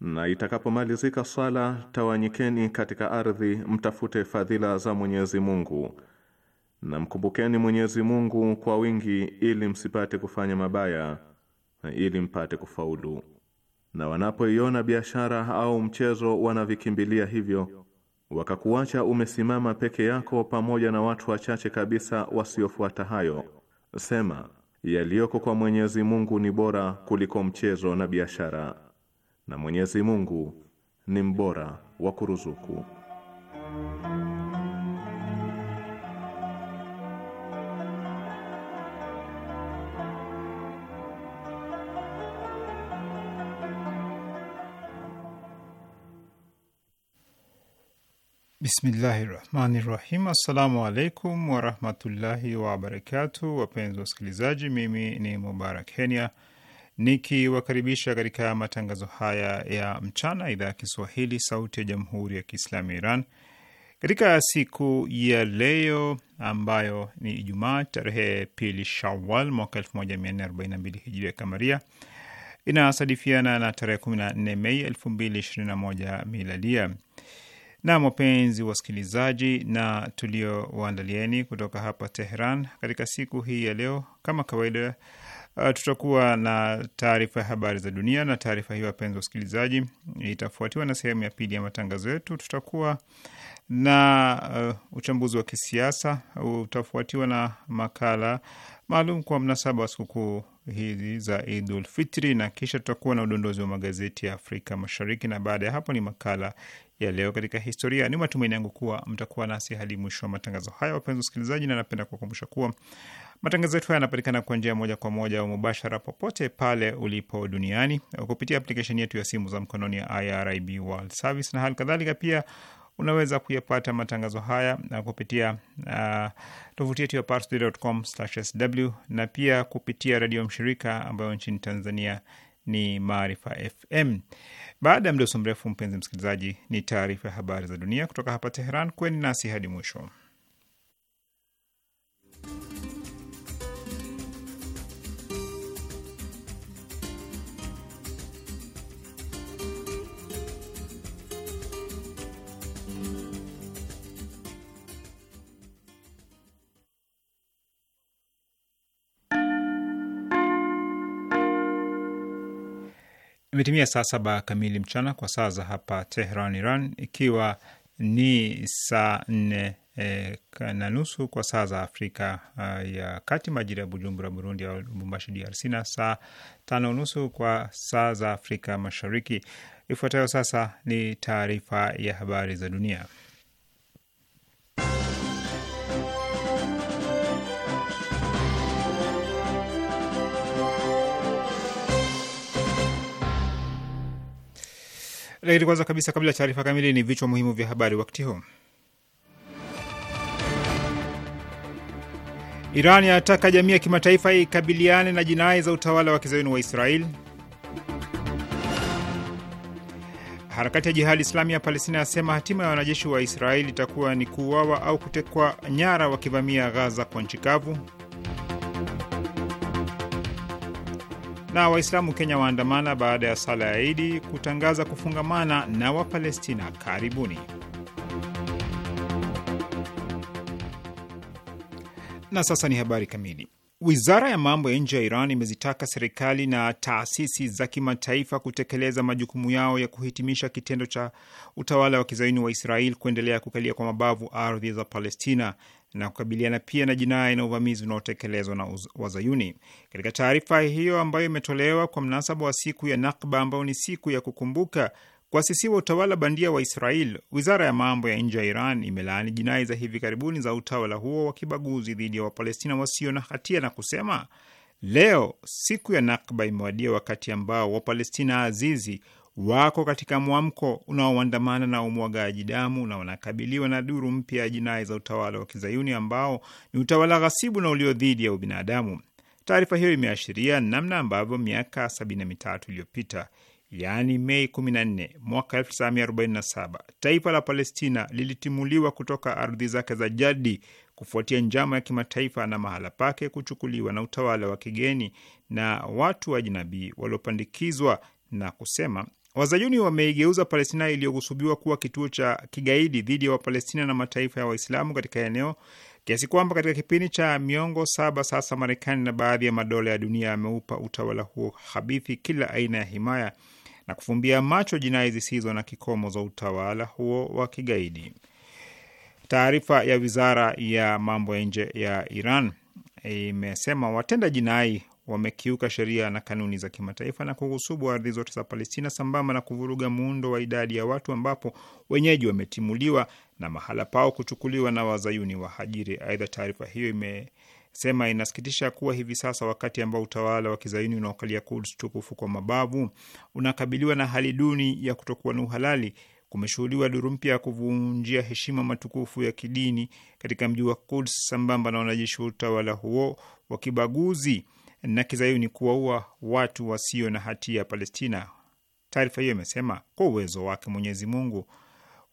na itakapomalizika swala tawanyikeni katika ardhi mtafute fadhila za Mwenyezi Mungu na mkumbukeni Mwenyezi Mungu kwa wingi ili msipate kufanya mabaya na ili mpate kufaulu. Na wanapoiona biashara au mchezo wanavikimbilia hivyo, wakakuacha umesimama peke yako pamoja na watu wachache kabisa wasiofuata hayo. Sema, yaliyoko kwa Mwenyezi Mungu ni bora kuliko mchezo na biashara na Mwenyezi Mungu ni mbora wa kuruzuku. Bismillahi rahmani rahim. Assalamu alaikum warahmatullahi wabarakatu. Wapenzi wasikilizaji, mimi ni Mubarak Kenya nikiwakaribisha katika matangazo haya ya mchana, idhaa ya Kiswahili sauti ya jamhuri ya kiislamu ya Iran katika siku ya leo ambayo ni Ijumaa tarehe pili Shawal mwaka 1442 hijiria kamaria inasadifiana na tarehe 14 Mei 2021 miladia. Na wapenzi wasikilizaji, na tulio waandalieni kutoka hapa teheran katika siku hii ya leo, kama kawaida Uh, tutakuwa na taarifa ya habari za dunia, na taarifa hiyo, wapenzi wasikilizaji, itafuatiwa na sehemu ya pili ya matangazo yetu. Tutakuwa na uh, uchambuzi wa kisiasa, utafuatiwa na makala maalum kwa mnasaba wa sikukuu hizi za Idul Fitri, na kisha tutakuwa na udondozi wa magazeti ya Afrika Mashariki, na baada ya hapo ni makala ya leo katika historia. Ni matumaini yangu kuwa mtakuwa nasi hadi mwisho wa matangazo haya, wapenzi wasikilizaji, na napenda kuwakumbusha kuwa Matangazo yetu haya yanapatikana kwa njia moja kwa moja au mubashara popote pale ulipo duniani eh, kupitia aplikesheni yetu ya simu za mkononi ya IRIB World Service na hali kadhalika pia unaweza kuyapata matangazo haya na eh, kupitia uh, tovuti yetu ya parstoday.com/sw na pia kupitia redio mshirika ambayo nchini Tanzania ni Maarifa FM. Baada ya mdoso mrefu, mpenzi msikilizaji, ni taarifa ya habari za dunia kutoka hapa Teheran. Kweni nasi hadi mwisho. Imetimia saa saba kamili mchana kwa saa za hapa Tehran, Iran, ikiwa ni saa nne e, na nusu kwa saa za Afrika uh, ya Kati, majira ya Bujumbura, Burundi, au Lubumbashi, DRC, na saa tano nusu kwa saa za Afrika Mashariki. Ifuatayo sasa ni taarifa ya habari za dunia. Lakini kwanza kabisa, kabla ya taarifa kamili, ni vichwa muhimu vya habari wakati huu. Iran yataka jamii ya kimataifa ikabiliane na jinai za utawala wa kizayuni wa Israeli. Harakati ya Jihadi Islami ya Palestina yasema hatima ya wanajeshi wa Israeli itakuwa ni kuuawa au kutekwa nyara wakivamia Ghaza kwa nchi kavu. na Waislamu Kenya waandamana baada ya sala ya Idi kutangaza kufungamana na Wapalestina. Karibuni. Na sasa ni habari kamili. Wizara ya mambo ya nje ya Iran imezitaka serikali na taasisi za kimataifa kutekeleza majukumu yao ya kuhitimisha kitendo cha utawala wa kizaini wa Israel kuendelea kukalia kwa mabavu ardhi za Palestina na kukabiliana pia na jinai na uvamizi unaotekelezwa na Wazayuni. Katika taarifa hiyo ambayo imetolewa kwa mnasaba wa siku ya Nakba ambayo ni siku ya kukumbuka kuasisiwa utawala bandia wa Israel, wizara ya mambo ya nje ya Iran imelaani jinai za hivi karibuni za utawala huo wa kibaguzi dhidi ya Wapalestina wasio na hatia na kusema leo siku ya Nakba imewadia, wakati ambao Wapalestina azizi wako katika mwamko unaoandamana na umwagaji damu na wanakabiliwa na duru mpya ya jinai za utawala wa kizayuni ambao ni utawala ghasibu na ulio dhidi ya ubinadamu. Taarifa hiyo imeashiria namna ambavyo miaka 73 iliyopita yaani Mei 14 mwaka 1947 taifa la Palestina lilitimuliwa kutoka ardhi zake za jadi kufuatia njama ya kimataifa na mahala pake kuchukuliwa na utawala wa kigeni na watu wa jinabii waliopandikizwa na kusema Wazayuni wameigeuza Palestina iliyokusubiwa kuwa kituo cha kigaidi dhidi ya Wapalestina na mataifa ya Waislamu katika eneo kiasi kwamba katika kipindi cha miongo saba sasa, Marekani na baadhi ya madola ya dunia yameupa utawala huo habithi kila aina ya himaya na kufumbia macho jinai zisizo na kikomo za utawala huo wa kigaidi. Taarifa ya wizara ya mambo ya nje ya Iran imesema watenda jinai wamekiuka sheria na kanuni za kimataifa na kuhusubu ardhi zote za Palestina sambamba na kuvuruga muundo wa idadi ya watu ambapo wenyeji wametimuliwa na mahala pao kuchukuliwa na wazayuni wahajiri. Aidha, taarifa hiyo imesema inasikitisha kuwa hivi sasa, wakati ambao utawala wa kizayuni unaokalia Kuds tukufu kwa mabavu unakabiliwa na hali duni ya kutokuwa na uhalali, kumeshuhudiwa duru mpya ya kuvunjia heshima matukufu ya kidini katika mji wa Kuds sambamba na wanajeshi wa utawala huo wa kibaguzi na kizayuni kuwaua watu wasio na hatia Palestina. Taarifa hiyo imesema kwa uwezo wake Mwenyezi Mungu,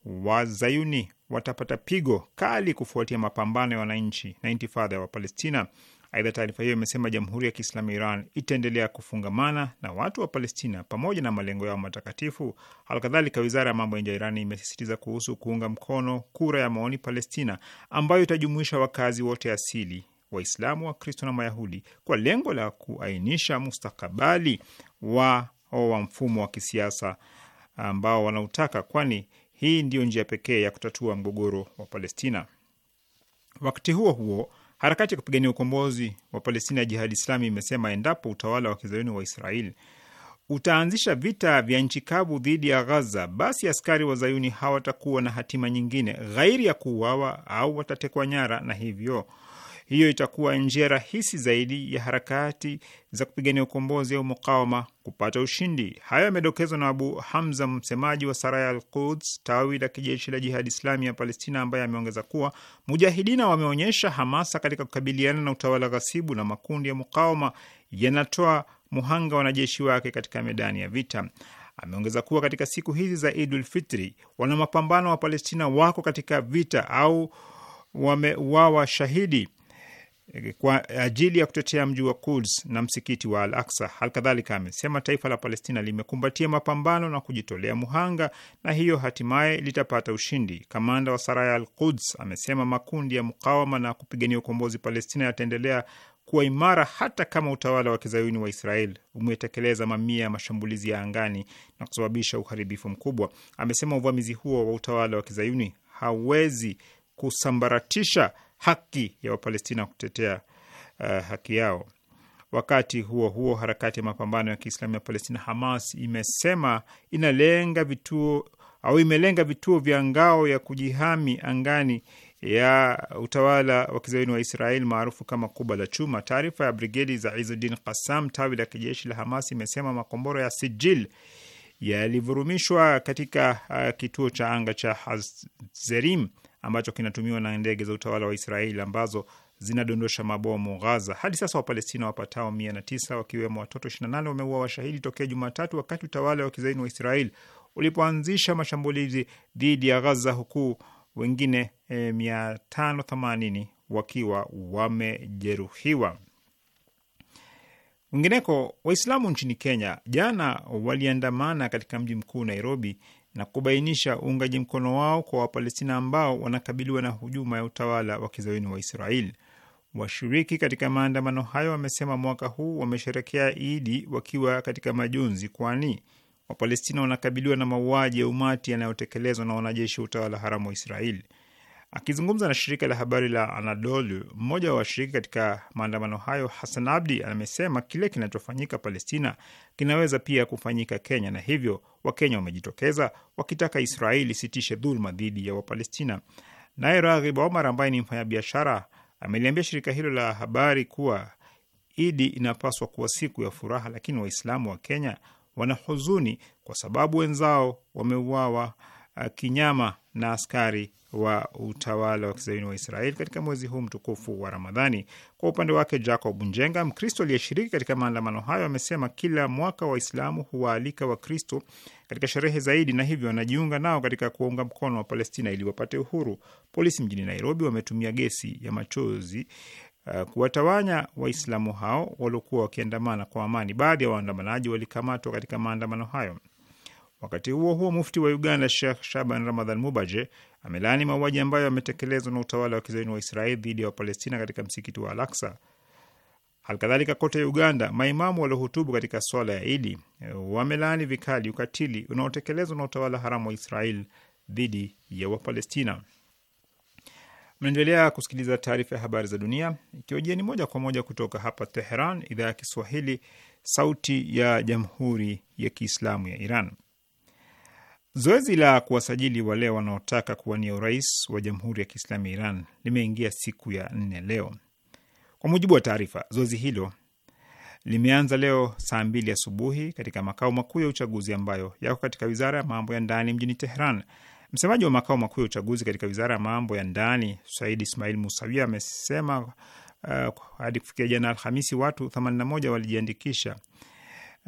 wazayuni watapata pigo kali kufuatia mapambano ya wananchi na intifadha ya Wapalestina. Aidha, taarifa hiyo imesema Jamhuri ya Kiislamu Iran itaendelea kufungamana na watu wa Palestina pamoja na malengo yao matakatifu. Halikadhalika, wizara ya mambo ya nje ya Iran imesisitiza kuhusu kuunga mkono kura ya maoni Palestina ambayo itajumuisha wakazi wote asili Waislamu, Wakristo na Mayahudi kwa lengo la kuainisha mustakabali wao wa mfumo wa kisiasa ambao wanautaka, kwani hii ndiyo njia pekee ya kutatua mgogoro wa Palestina. Wakati huo huo, harakati ya kupigania ukombozi wa Palestina ya Jihadi Islami imesema endapo utawala wa kizayuni wa Israeli utaanzisha vita vya nchi kavu dhidi ya Ghaza, basi askari wa Zayuni hawatakuwa na hatima nyingine ghairi ya kuuawa au watatekwa nyara na hivyo hiyo itakuwa njia rahisi zaidi ya harakati za kupigania ukombozi au mukawama kupata ushindi. Hayo yamedokezwa na Abu Hamza, msemaji wa Saraya al Quds, tawi la kijeshi la Jihadi Islami ya Palestina, ambaye ameongeza kuwa mujahidina wameonyesha hamasa katika kukabiliana na utawala ghasibu na makundi ya mukawama yanatoa muhanga wanajeshi wake katika medani ya vita. Ameongeza kuwa katika siku hizi za Idul Fitri, wana mapambano wa Palestina wako katika vita au wameuawa shahidi Eh, kwa ajili ya kutetea mji wa Quds na msikiti wa Al Aksa. Halikadhalika amesema taifa la Palestina limekumbatia mapambano na kujitolea muhanga na hiyo hatimaye litapata ushindi. Kamanda wa Saraya Al Quds amesema makundi ya mukawama na kupigania ukombozi Palestina yataendelea kuwa imara hata kama utawala wa kizayuni wa Israel umetekeleza mamia ya mashambulizi ya angani na kusababisha uharibifu mkubwa. Amesema uvamizi huo wa utawala wa kizayuni hawezi kusambaratisha haki ya Wapalestina kutetea uh, haki yao. Wakati huo huo, harakati ya mapambano ya Kiislamu ya Palestina Hamas imesema inalenga vituo au imelenga vituo vya ngao ya kujihami angani ya utawala wa kizayuni wa Israel maarufu kama Kuba la Chuma. Taarifa ya brigedi za Izudin Qassam, tawi la kijeshi la Hamas, imesema makombora ya Sijil yalivurumishwa katika uh, kituo cha anga cha Hazerim ambacho kinatumiwa na ndege za utawala wa Israeli ambazo zinadondosha mabomu Ghaza. Hadi sasa Wapalestina wapatao mia na tisa wakiwemo watoto 28 wameua washahidi tokea Jumatatu, wakati utawala wa kizaini wa Israeli ulipoanzisha mashambulizi dhidi ya Ghaza, huku wengine e, 580 wakiwa wamejeruhiwa. Wengineko, Waislamu nchini Kenya jana waliandamana katika mji mkuu Nairobi na kubainisha uungaji mkono wao kwa Wapalestina ambao wanakabiliwa na hujuma ya utawala wa kizayuni wa Israeli. Washiriki katika maandamano hayo wamesema mwaka huu wamesherekea Idi wakiwa katika majonzi, kwani Wapalestina wanakabiliwa na mauaji ya umati yanayotekelezwa na wanajeshi wa utawala haramu wa Israeli. Akizungumza na shirika la habari la Anadolu, mmoja wa washiriki katika maandamano hayo, Hassan Abdi, amesema kile kinachofanyika Palestina kinaweza pia kufanyika Kenya, na hivyo Wakenya wamejitokeza wakitaka Israeli isitishe dhuluma dhidi ya Wapalestina. Naye Raghib Omar ambaye ni mfanyabiashara ameliambia shirika hilo la habari kuwa Idi inapaswa kuwa siku ya furaha, lakini Waislamu wa Kenya wana huzuni kwa sababu wenzao wameuawa uh, kinyama na askari wa utawala wa kizayuni wa Israeli katika mwezi huu mtukufu wa Ramadhani. Kwa upande wake, Jacob Njenga, Mkristo aliyeshiriki katika maandamano hayo, amesema kila mwaka Waislamu huwaalika Wakristo katika sherehe zaidi, na hivyo wanajiunga nao katika kuwaunga mkono wa Palestina ili wapate uhuru. Polisi mjini Nairobi wametumia gesi ya machozi Uh, kuwatawanya Waislamu hao waliokuwa wakiandamana kwa amani. Baadhi ya waandamanaji walikamatwa katika maandamano hayo. Wakati huo huo, mufti wa Uganda Sheikh Shaban Ramadhan Mubaje amelaani mauaji ambayo yametekelezwa na utawala wa kizayuni wa Israeli dhidi ya Wapalestina katika msikiti wa alaksa aqsa Halikadhalika, kote Uganda, maimamu waliohutubu katika swala ya Idi eh, wamelaani vikali ukatili unaotekelezwa na utawala haramu wa Israeli dhidi ya Wapalestina. Mnaendelea kusikiliza taarifa ya habari za dunia ikiwajieni moja kwa moja kutoka hapa Teheran, idhaa ya Kiswahili, sauti ya jamhuri ya kiislamu ya Iran. Zoezi la kuwasajili wale wanaotaka kuwania urais wa Jamhuri ya Kiislamu ya Iran limeingia siku ya nne leo. Kwa mujibu wa taarifa, zoezi hilo limeanza leo saa mbili asubuhi katika makao makuu ya uchaguzi ambayo yako katika wizara ya mambo ya ndani mjini teheran Msemaji wa makao makuu ya uchaguzi katika wizara ya mambo ya ndani Said Ismail musawi amesema uh, hadi kufikia jana Alhamisi watu 81 walijiandikisha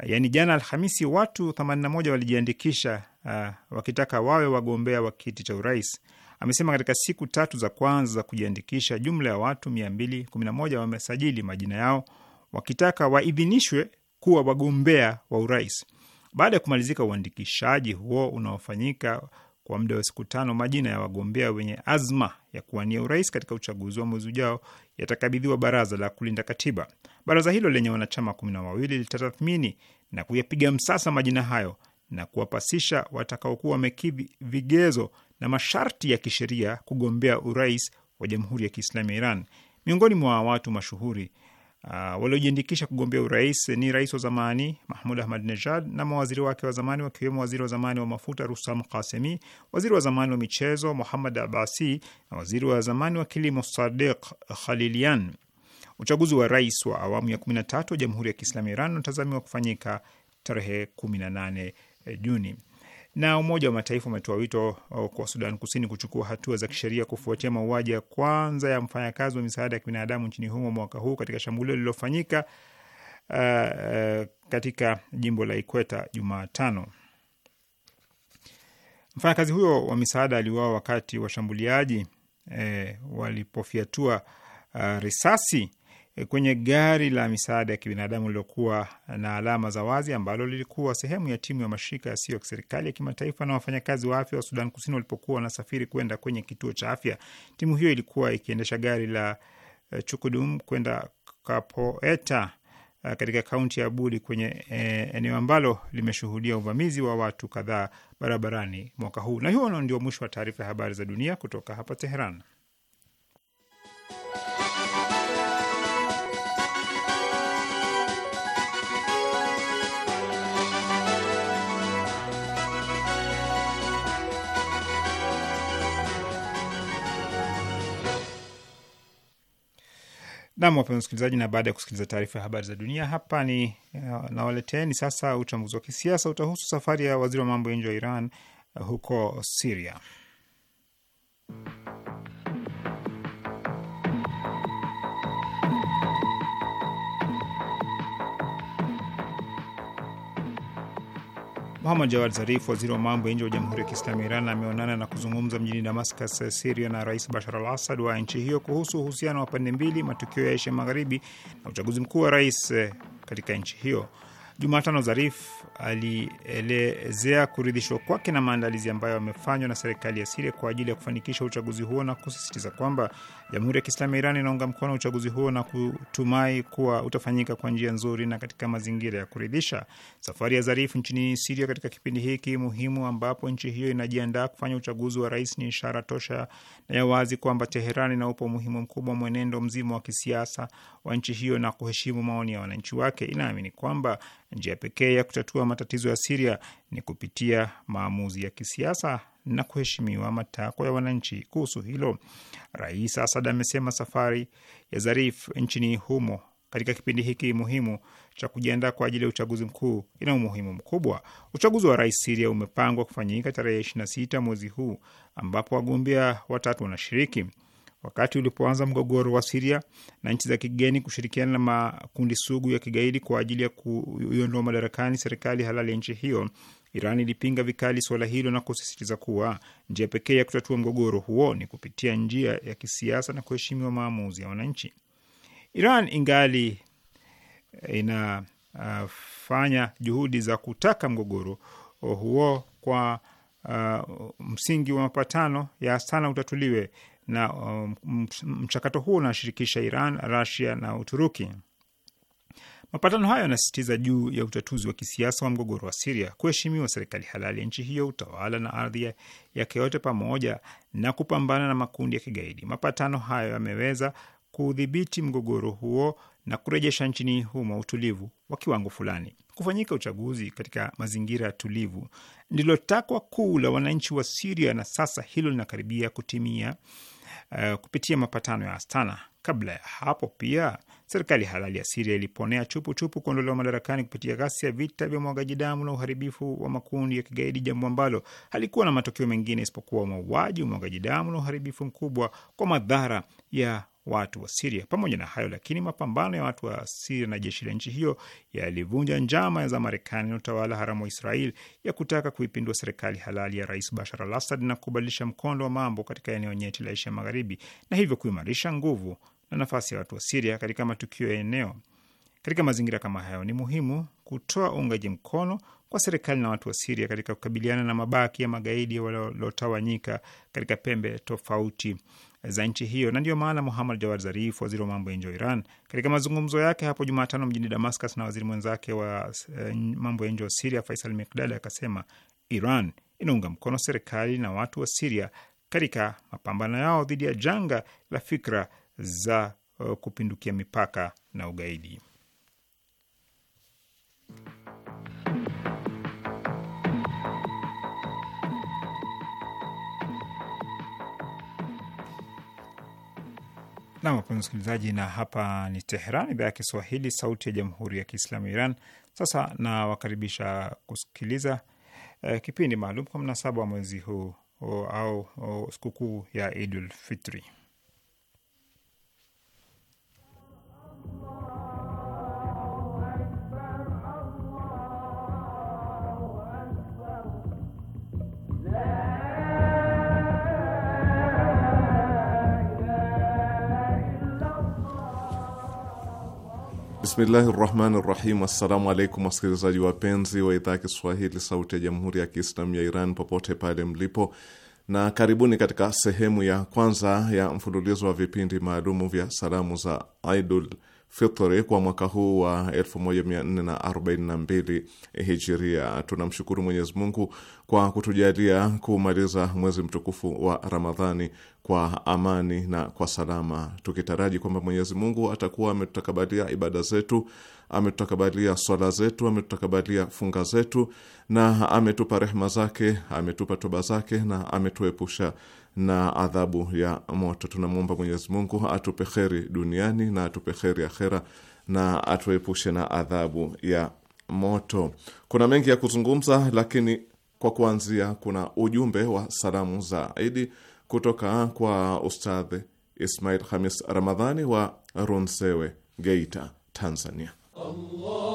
yaani jana Alhamisi, watu 81 walijiandikisha uh, wakitaka wawe wagombea wa kiti cha urais. Amesema katika siku tatu za kwanza za kujiandikisha, jumla ya watu 211 wamesajili majina yao wakitaka waidhinishwe kuwa wagombea wa urais. Baada ya kumalizika uandikishaji huo unaofanyika kwa muda wa siku tano majina ya wagombea wenye azma ya kuwania urais katika uchaguzi wa mwezi ujao yatakabidhiwa baraza la kulinda katiba. Baraza hilo lenye wanachama kumi na wawili litatathmini na kuyapiga msasa majina hayo na kuwapasisha watakaokuwa wamekidhi vigezo na masharti ya kisheria kugombea urais wa Jamhuri ya Kiislamu ya Iran. Miongoni mwa watu mashuhuri Uh, waliojiandikisha kugombea urais ni rais wa zamani Mahmud Ahmad Nejad na mawaziri wake wa zamani wakiwemo waziri wa zamani wa mafuta Rustam Kasemi, waziri wa zamani wa michezo Muhammad Abasi na waziri wa zamani wa kilimo Sadiq Khalilian. Uchaguzi wa rais wa awamu ya 13 wa Jamhuri ya Kiislamu ya Iran unatazamiwa kufanyika tarehe 18 Juni. Na Umoja wa Mataifa umetoa wito uh, kwa Sudan Kusini kuchukua hatua za kisheria kufuatia mauaji ya kwanza ya mfanyakazi wa misaada ya kibinadamu nchini humo mwaka huu katika shambulio lililofanyika uh, uh katika jimbo la Ikweta Jumatano. Mfanyakazi huyo wa misaada aliuawa wakati washambuliaji eh, uh, walipofyatua uh, risasi Eh, kwenye gari la misaada ya kibinadamu lililokuwa na alama za wazi ambalo lilikuwa sehemu ya timu ya mashirika yasiyo ya kiserikali ya kimataifa na wafanyakazi wa afya wa Sudan Kusini walipokuwa wanasafiri kwenda kwenye kituo cha afya. Timu hiyo ilikuwa ikiendesha gari la eh, Chukudum kwenda Kapoeta eh, katika kaunti ya Budi kwenye eneo ambalo limeshuhudia uvamizi wa watu kadhaa barabarani mwaka huu. Na huo ndio mwisho wa taarifa ya habari za dunia kutoka hapa Teheran. Nam, wapenzi wasikilizaji, na baada ya kusikiliza taarifa ya habari za dunia hapa ni eh, nawaleteni sasa uchambuzi wa kisiasa. Utahusu safari ya waziri wa mambo ya nje wa Iran eh, huko Siria. Muhammad Jawad Zarif, waziri wa mambo ya nje wa Jamhuri ya Kiislamu Iran, ameonana na kuzungumza mjini Damascus, Siria, na Rais Bashar al Assad wa nchi hiyo kuhusu uhusiano wa pande mbili, matukio ya Asia Magharibi na uchaguzi mkuu wa rais eh, katika nchi hiyo. Jumatano, Zarif alielezea kuridhishwa kwake na maandalizi ambayo yamefanywa na serikali ya Siria kwa ajili ya kufanikisha uchaguzi huo na kusisitiza kwamba Jamhuri ya Kiislamu ya Iran inaunga mkono uchaguzi huo na kutumai kuwa utafanyika kwa njia nzuri na katika mazingira ya kuridhisha. Safari ya Zarifu nchini Siria katika kipindi hiki muhimu ambapo nchi hiyo inajiandaa kufanya uchaguzi wa rais ni ishara tosha na ya wazi kwamba teheran inaupa umuhimu mkubwa mwenendo mzima wa kisiasa wa nchi hiyo na kuheshimu maoni ya wananchi wake. Inaamini kwamba njia pekee ya kutatua matatizo ya Siria ni kupitia maamuzi ya kisiasa na kuheshimiwa matakwa ya wananchi. Kuhusu hilo, Rais Asad amesema safari ya Zarif nchini humo katika kipindi hiki muhimu cha kujiandaa kwa ajili ya uchaguzi mkuu ina umuhimu mkubwa. Uchaguzi wa rais Siria umepangwa kufanyika tarehe sita mwezi huu ambapo wagombea watatu wanashiriki. Wakati ulipoanza mgogoro wa Siria na nchi za kigeni kushirikiana na makundi sugu ya kigaidi kwa ajili ya kuiondoa madarakani serikali halali ya nchi hiyo, Iran ilipinga vikali suala hilo na kusisitiza kuwa njia pekee ya kutatua mgogoro huo ni kupitia njia ya kisiasa na kuheshimiwa maamuzi ya wananchi. Iran ingali eh, inafanya uh, juhudi za kutaka mgogoro huo kwa uh, msingi wa mapatano ya Astana utatuliwe na um, mchakato huo unashirikisha Iran, Rasia na Uturuki. Mapatano hayo yanasisitiza juu ya utatuzi wa kisiasa wa mgogoro wa Siria, kuheshimiwa serikali halali ya nchi hiyo, utawala na ardhi yake yote, pamoja na kupambana na makundi ya kigaidi. Mapatano hayo yameweza kudhibiti mgogoro huo na kurejesha nchini humo utulivu wa kiwango fulani. Kufanyika uchaguzi katika mazingira ya tulivu ndilo takwa kuu la wananchi wa Siria, na sasa hilo linakaribia kutimia, uh, kupitia mapatano ya Astana. Kabla ya hapo pia Serikali halali ya Siria iliponea chupu chupu kuondolewa madarakani kupitia ghasia, vita vya mwagaji damu na uharibifu wa makundi ya kigaidi, jambo ambalo halikuwa na matokeo mengine isipokuwa mauaji, umwagaji damu na uharibifu mkubwa kwa madhara ya watu wa Siria. Pamoja na hayo lakini, mapambano ya watu wa Siria na jeshi la nchi hiyo yalivunja njama za Marekani na utawala haramu wa Israel ya kutaka kuipindua serikali halali ya Rais Bashar al Assad na kubadilisha mkondo wa mambo katika eneo nyeti la Asia Magharibi, na hivyo kuimarisha nguvu na nafasi ya watu wa Siria katika matukio ya eneo. Katika mazingira kama hayo, ni muhimu kutoa uungaji mkono kwa serikali na watu wa Siria katika kukabiliana na mabaki ya magaidi waliotawanyika katika pembe tofauti za nchi hiyo, na ndiyo maana Muhammad Jawad Zarif, waziri wa mambo ya nje wa Iran, katika mazungumzo yake hapo Jumatano mjini Damascus na waziri mwenzake wa eh, mambo ya nje wa Siria Faisal Mikdad akasema Iran inaunga mkono serikali na watu wa Siria katika mapambano yao dhidi ya janga la fikra za uh, kupindukia mipaka na ugaidi. Nam, wapenzi msikilizaji, na hapa ni Teheran, idhaa ya Kiswahili, sauti ya jamhuri ya kiislamu ya Iran. Sasa nawakaribisha kusikiliza eh, kipindi maalum kwa mnasaba wa mwezi huu au sikukuu ya Idul Fitri. Bismillahi rahmani rahim. Assalamu alaikum wasikilizaji wapenzi wa idhaa ya Kiswahili sauti ya jamhuri ya Kiislamu ya Iran popote pale mlipo, na karibuni katika sehemu ya kwanza ya mfululizo wa vipindi maalumu vya salamu za idul Fitri kwa mwaka huu wa 1442 Hijiria. Tunamshukuru Mwenyezi Mungu kwa kutujalia kumaliza mwezi mtukufu wa Ramadhani kwa amani na kwa salama, tukitaraji kwamba Mwenyezi Mungu atakuwa ametutakabalia ibada zetu, ametutakabalia swala zetu, ametutakabalia funga zetu, na ametupa rehma zake, ametupa toba zake na ametuepusha na adhabu ya moto. Tunamwomba Mwenyezi Mungu atupe kheri duniani na atupe kheri akhera na atuepushe na adhabu ya moto. Kuna mengi ya kuzungumza, lakini kwa kuanzia, kuna ujumbe wa salamu za Idi kutoka kwa Ustadh Ismail hamis Ramadhani wa Runsewe, Geita, Tanzania. Allah.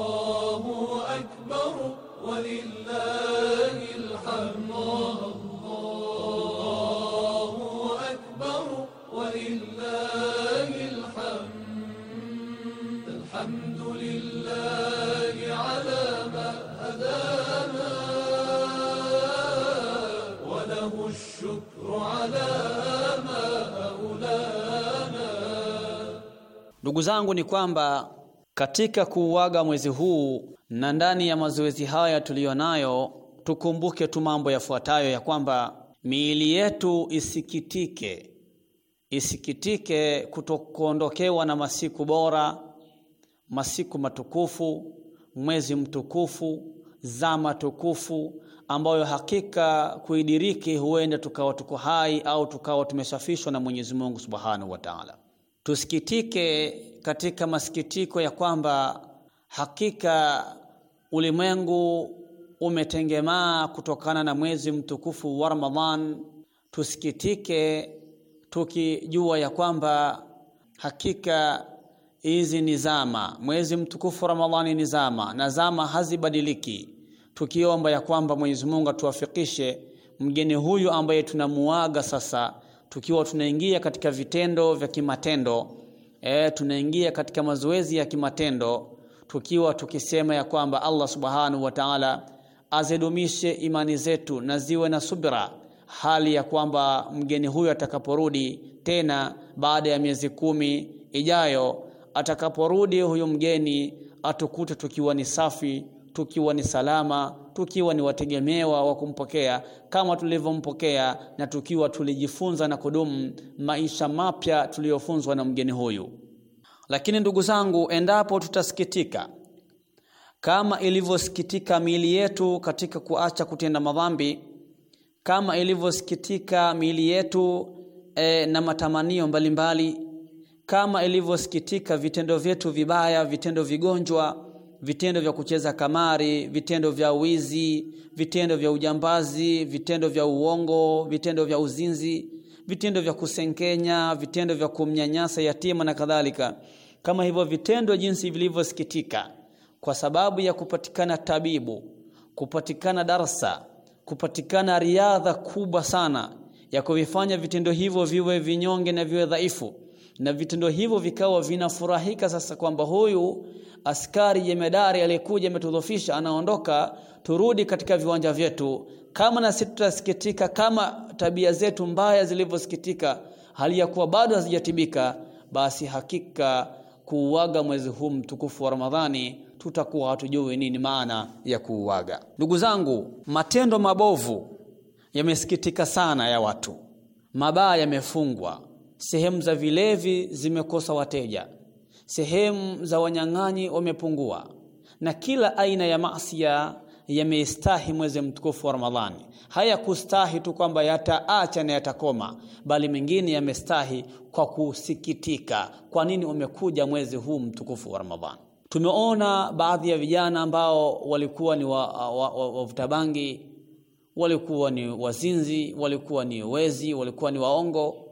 Ndugu zangu ni kwamba katika kuuaga mwezi huu na ndani ya mazoezi haya tuliyo nayo, tukumbuke tu mambo yafuatayo ya kwamba miili yetu isikitike, isikitike kutokuondokewa na masiku bora, masiku matukufu, mwezi mtukufu, zama tukufu ambayo hakika kuidiriki huenda tukawa tuko hai au tukawa tumesafishwa na Mwenyezi Mungu Subhanahu wa Ta'ala. Tusikitike katika masikitiko ya kwamba hakika ulimwengu umetengemaa kutokana na mwezi mtukufu wa Ramadhan. Tusikitike tukijua ya kwamba hakika hizi ni zama, mwezi mtukufu Ramadhani ni zama na zama hazibadiliki, tukiomba ya kwamba Mwenyezi Mungu atuwafikishe mgeni huyu ambaye tunamuaga sasa tukiwa tunaingia katika vitendo vya kimatendo e, tunaingia katika mazoezi ya kimatendo tukiwa tukisema ya kwamba Allah subhanahu wa ta'ala azidumishe imani zetu na ziwe na subira, hali ya kwamba mgeni huyo atakaporudi tena baada ya miezi kumi ijayo, atakaporudi huyu mgeni atukute tukiwa ni safi, tukiwa ni salama tukiwa ni wategemewa wa kumpokea kama tulivyompokea na tukiwa tulijifunza na kudumu maisha mapya tuliyofunzwa na mgeni huyu. Lakini ndugu zangu, endapo tutasikitika kama ilivyosikitika miili yetu katika kuacha kutenda madhambi, kama ilivyosikitika miili yetu e, na matamanio mbalimbali mbali, kama ilivyosikitika vitendo vyetu vibaya, vitendo vigonjwa vitendo vya kucheza kamari, vitendo vya wizi, vitendo vya ujambazi, vitendo vya uongo, vitendo vya uzinzi, vitendo vya kusenkenya, vitendo vya kumnyanyasa yatima na kadhalika. Kama hivyo vitendo jinsi vilivyosikitika kwa sababu ya kupatikana tabibu, kupatikana darsa, kupatikana riadha kubwa sana ya kuvifanya vitendo hivyo viwe vinyonge na viwe dhaifu na vitendo hivyo vikawa vinafurahika sasa kwamba huyu askari jemedari aliyekuja ametudhofisha anaondoka turudi katika viwanja vyetu kama na sisi tutasikitika kama tabia zetu mbaya zilivyosikitika hali ya kuwa bado hazijatibika basi hakika kuuaga mwezi huu mtukufu wa Ramadhani tutakuwa hatujui nini maana ya kuuaga ndugu zangu matendo mabovu yamesikitika sana ya watu mabaya yamefungwa sehemu za vilevi zimekosa wateja, sehemu za wanyang'anyi wamepungua, na kila aina ya maasiya yameistahi mwezi mtukufu wa Ramadhani. Hayakustahi tu kwamba yataacha na yatakoma, bali mengine yamestahi kwa kusikitika. Kwa nini umekuja mwezi huu mtukufu wa Ramadhani? Tumeona baadhi ya vijana ambao walikuwa ni wa, wa walikuwa ni wazinzi, walikuwa ni wezi, walikuwa ni waongo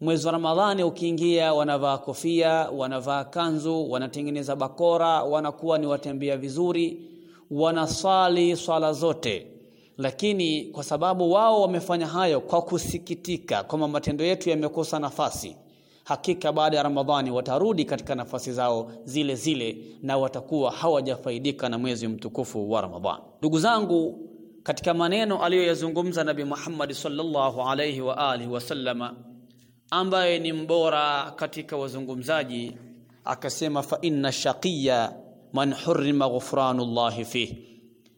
Mwezi wa Ramadhani ukiingia, wanavaa kofia, wanavaa kanzu, wanatengeneza bakora, wanakuwa ni watembea vizuri, wanaswali swala zote. Lakini kwa sababu wao wamefanya hayo kwa kusikitika kwamba matendo yetu yamekosa nafasi, hakika baada ya Ramadhani watarudi katika nafasi zao zile zile na watakuwa hawajafaidika na mwezi mtukufu wa Ramadhani. Ndugu zangu, katika maneno aliyoyazungumza Nabii Muhammad sallallahu alayhi wa alihi wasallama ambaye ni mbora katika wazungumzaji akasema fa inna shaqiya man hurima llahi fih,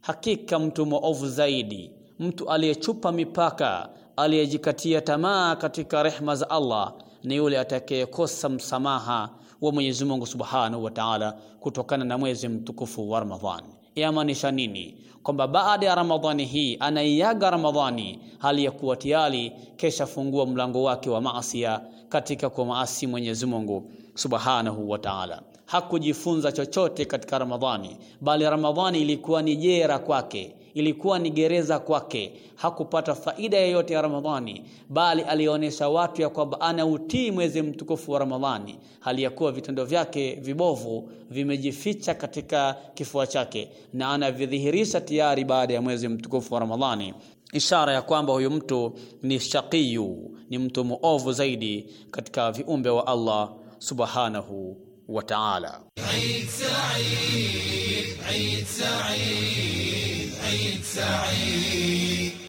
hakika mtu mwovu zaidi, mtu aliyechupa mipaka, aliyejikatia tamaa katika rehma za Allah ni yule atakayekosa msamaha wa Mwenyezi Mungu Subhanahu wa Ta'ala kutokana na mwezi mtukufu wa Ramadhani. Yamaanisha nini? kwamba baada ya Ramadhani hii anaiaga Ramadhani hali ya kuwa tayari keshafungua mlango wake wa maasi katika kwa maasi Mwenyezi Mungu Subhanahu wa Ta'ala. Hakujifunza chochote katika Ramadhani, bali Ramadhani ilikuwa ni jera kwake ilikuwa ni gereza kwake. Hakupata faida yoyote ya Ramadhani, bali alionyesha watu ya kwamba ana utii mwezi mtukufu wa Ramadhani, hali ya kuwa vitendo vyake vibovu vimejificha katika kifua chake na anavidhihirisha tayari baada ya mwezi mtukufu wa Ramadhani, ishara ya kwamba huyu mtu ni shaqiyu, ni mtu muovu zaidi katika viumbe wa Allah subhanahu wa Ta'ala.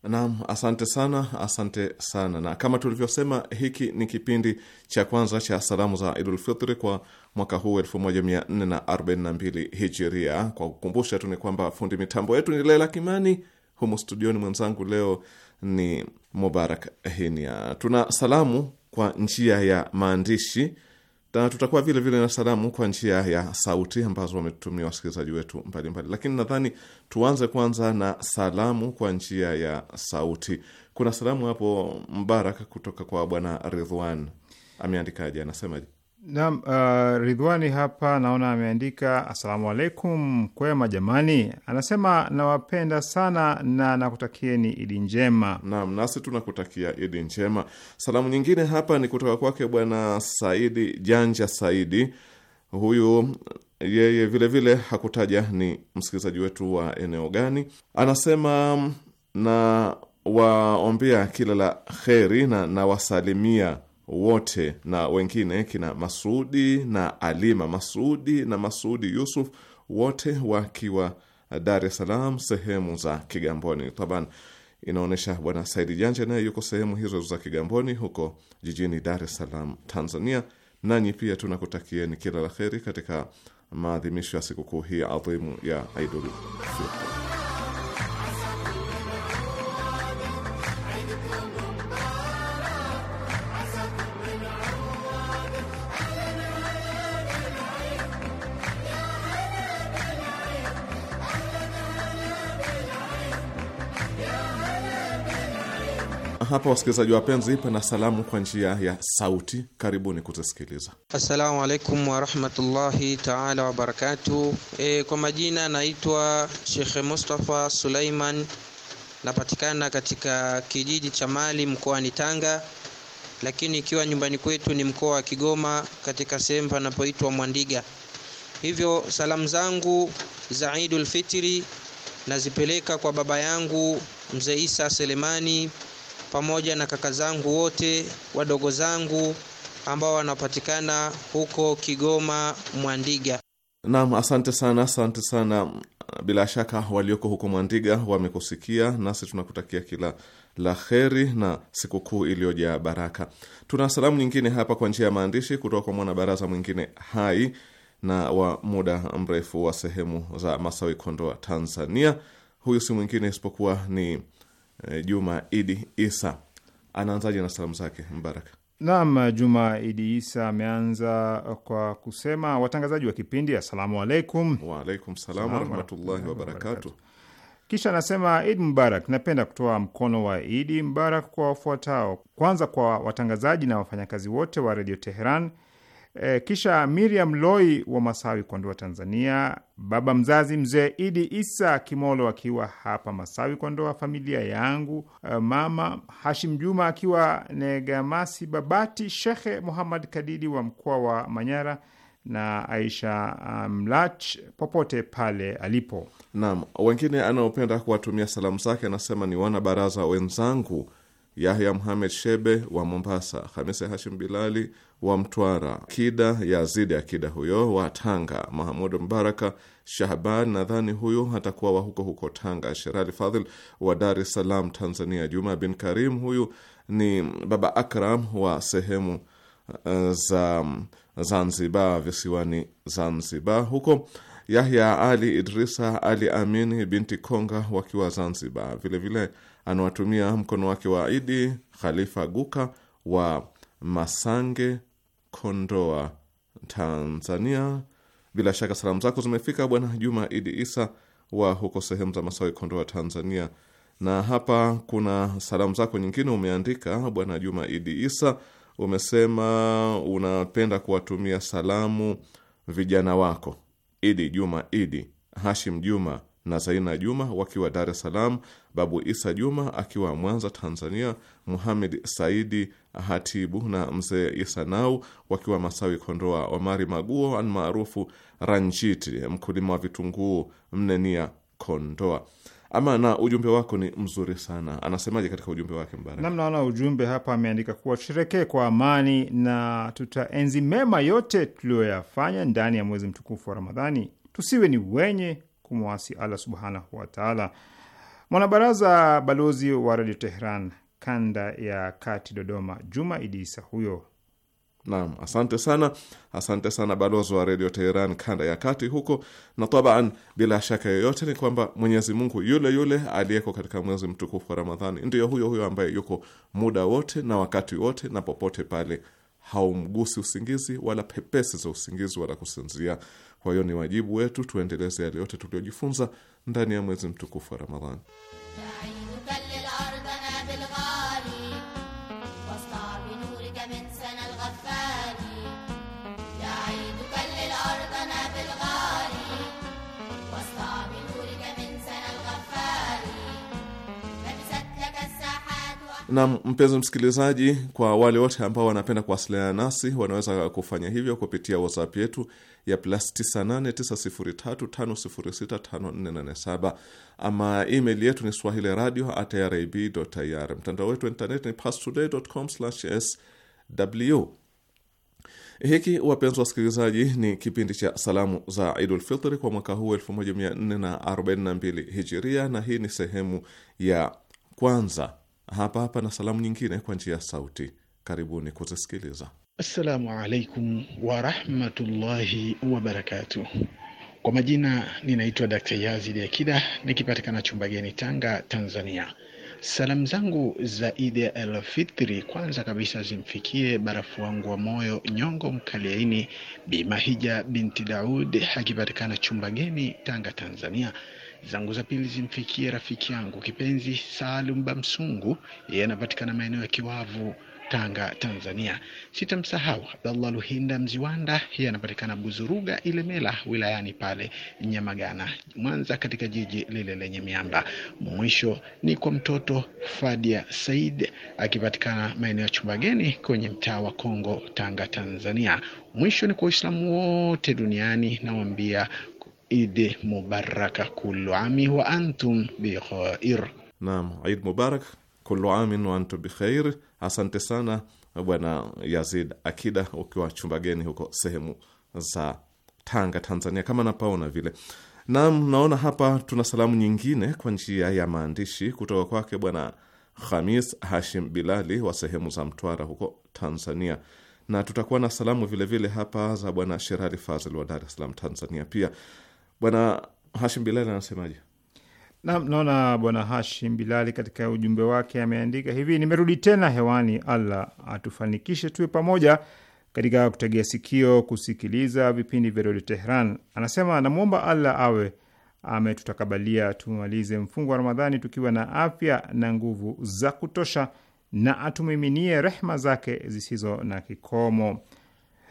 Naam, asante sana, asante sana. Na kama tulivyosema, hiki ni kipindi cha kwanza cha salamu za Idul Fitri kwa mwaka huu 1442 Hijiria. Kwa kukumbusha tu ni kwamba fundi mitambo yetu ni Laila Kimani, humu studioni mwenzangu leo ni Mubarak Hinia. Tuna salamu kwa njia ya maandishi na tutakuwa vile vile na salamu kwa njia ya sauti ambazo wametumia wasikilizaji wetu mbalimbali, lakini nadhani tuanze kwanza na salamu kwa njia ya sauti. Kuna salamu hapo Mbaraka kutoka kwa Bwana Ridhwan, ameandikaje? Anasemaje? Naam, uh, Ridhwani hapa naona ameandika asalamu alaikum, kwema jamani. Anasema nawapenda sana na nakutakieni idi njema. Naam, nasi tunakutakia idi njema. Salamu nyingine hapa ni kutoka kwake bwana Saidi Janja Saidi. Huyu yeye vilevile hakutaja ni msikilizaji wetu wa eneo gani. Anasema na waombea kila la kheri na nawasalimia wote na wengine kina Masudi na Alima Masudi na Masudi Yusuf wote wakiwa Dar es Salaam sehemu za Kigamboni. Taban inaonyesha bwana Saidi Janja naye yuko sehemu hizo za Kigamboni huko jijini Dar es Salaam, Tanzania. Nanyi pia tunakutakieni kila la heri katika maadhimisho ya sikukuu hii adhimu ya Idul Fitri. hapa, wasikilizaji wapenzi, pana salamu kwa njia ya sauti. Karibuni kutusikiliza Assalamu alaikum warahmatullahi taala wabarakatu E, kwa majina naitwa Shekhe Mustafa Suleiman, napatikana katika kijiji cha Mali mkoani Tanga, lakini ikiwa nyumbani kwetu ni mkoa wa Kigoma katika sehemu panapoitwa Mwandiga. Hivyo salamu zangu za Idul Fitri nazipeleka kwa baba yangu mzee Isa Selemani pamoja na kaka zangu wote wadogo zangu ambao wanapatikana huko Kigoma Mwandiga. Naam, asante sana, asante sana. Bila shaka walioko huko Mwandiga wamekusikia, nasi tunakutakia kila la heri na sikukuu iliyojaa baraka. Tuna salamu nyingine hapa kwa njia ya maandishi kutoka kwa mwanabaraza mwingine hai na wa muda mrefu wa sehemu za Masawi, Kondoa, Tanzania. Huyu si mwingine isipokuwa ni Eh, Juma Idi Isa anaanzaje na salamu zake Mbaraka? Naam, Juma Idi Isa ameanza kwa kusema, watangazaji wa kipindi, assalamu alaikum. Waalaikum salam warahmatullahi wabarakatu. Kisha anasema Idi Mubarak. Napenda kutoa mkono wa Idi Mubarak kwa wafuatao: kwanza kwa watangazaji na wafanyakazi wote wa redio Teheran E, kisha Miriam Loi wa Masawi, Kondoa, Tanzania. Baba mzazi mzee Idi Isa Kimolo akiwa hapa Masawi, Kondoa, familia yangu. E, mama Hashim Juma akiwa Negamasi, Babati. Shekhe Muhammad Kadidi wa mkoa wa Manyara na Aisha eh, Mlach um, popote pale alipo. Naam, wengine anaopenda kuwatumia salamu zake anasema ni wana baraza wenzangu Yahya Muhamed Shebe wa Mombasa, Hamisa Hashim Bilali wa Mtwara, Kida Yazidi Akida huyo wa Tanga, Mahamudu Mbaraka Shahban, nadhani huyu atakuwa wa huko huko Tanga, Sherali Fadhil wa Dar es Salaam, Tanzania, Juma bin Karim, huyu ni Baba Akram wa sehemu uh, za Zanzibar, visiwani Zanzibar huko Yahya Ali Idrisa Ali Amini binti Konga wakiwa Zanzibar. Vilevile anawatumia mkono wake wa Idi Khalifa Guka wa Masange Kondoa, Tanzania. Bila shaka salamu zako zimefika Bwana Juma Idi Isa wa huko sehemu za Masawi, Kondoa, Tanzania. Na hapa kuna salamu zako nyingine umeandika, Bwana Juma Idi Isa, umesema unapenda kuwatumia salamu vijana wako Idi Juma Idi, Hashim Juma na Zaina Juma wakiwa Dar es Salaam Babu Isa Juma akiwa Mwanza, Tanzania, Muhamed Saidi Hatibu na mzee isa nau wakiwa Masawi, Kondoa, Omari Maguo almaarufu Ranjiti, mkulima wa vitunguu Mnenia, Kondoa. Ama na ujumbe wako ni mzuri sana. Anasemaje katika ujumbe wake Mbaraka? Namna naona ujumbe hapa ameandika kuwa tusherekee kwa amani na tutaenzi mema yote tuliyoyafanya ndani ya mwezi mtukufu wa Ramadhani. Tusiwe ni wenye kumwasi Allah subhanahu wataala. Mwanabaraza balozi wa redio Teheran kanda ya kati Dodoma, Juma Idi Isa huyo. Naam, asante sana, asante sana balozi wa redio Teheran kanda ya kati huko. Na tabaan, bila shaka yoyote ni kwamba Mwenyezi Mungu yule yule aliyeko katika mwezi mtukufu wa Ramadhani ndiyo huyo huyo ambaye yuko muda wote na wakati wote na popote pale, haumgusi usingizi wala pepesi za usingizi wala kusinzia kwa hiyo ni wajibu wetu tuendeleze yale yote tuliyojifunza ndani ya mwezi mtukufu wa Ramadhani. Na mpenzi msikilizaji, kwa wale wote ambao wanapenda kuwasiliana nasi wanaweza kufanya hivyo kupitia WhatsApp yetu ya plus 989035065487 ama email yetu ni swahili radio at rib ir. Mtandao wetu wa intaneti ni pastoday.com/sw. Hiki wapenzi wasikilizaji, ni kipindi cha salamu za Idul Fitri kwa mwaka huu 1442 Hijiria, na hii ni sehemu ya kwanza hapa hapa na salamu nyingine kwa njia ya sauti. Karibuni kuzisikiliza. Assalamu alaikum warahmatullahi wabarakatuh. Kwa majina ninaitwa Dkt Yazidi Akida, nikipatikana chumba geni, Tanga, Tanzania. Salamu zangu za Idi ya Elfitri kwanza kabisa zimfikie barafu wangu wa moyo Nyongo Mkaliaini, Bimahija binti daud akipatikana chumba geni, Tanga, Tanzania zangu za pili zimfikie rafiki yangu kipenzi Salum Bamsungu, yeye anapatikana maeneo ya Kiwavu Tanga, Tanzania. Sitamsahau Abdallah Luhinda Mziwanda, yeye anapatikana Buzuruga Ilemela, wilayani pale Nyamagana, Mwanza, katika jiji lile lenye miamba. Mwisho ni kwa mtoto Fadia Said, akipatikana maeneo ya Chumbageni kwenye mtaa wa Kongo, Tanga, Tanzania. Mwisho ni kwa Waislamu wote duniani, nawaambia Idi mubaraka kulu ami wa antum bikhair. Naam, Eid mubarak kulu amin wa antum bikhair. Asante sana Bwana Yazid Akida, ukiwa chumba geni huko sehemu za Tanga, Tanzania, kama napaona vile. Naam, naona hapa tuna salamu nyingine kwa njia ya maandishi kutoka kwake Bwana Khamis Hashim Bilali wa sehemu za Mtwara huko Tanzania, na tutakuwa na salamu vilevile vile hapa za Bwana Sherali Fazil wa Dar es Salaam, Tanzania pia. Bwana Hashim Bilali anasemaje? Naam, naona Bwana Hashim Bilali katika ujumbe wake ameandika hivi: nimerudi tena hewani. Allah atufanikishe tuwe pamoja katika kutegea sikio kusikiliza vipindi vya redio Tehran. Anasema namwomba Allah awe ametutakabalia tumalize mfungo wa Ramadhani tukiwa na afya na nguvu za kutosha, na atumiminie rehma zake zisizo na kikomo.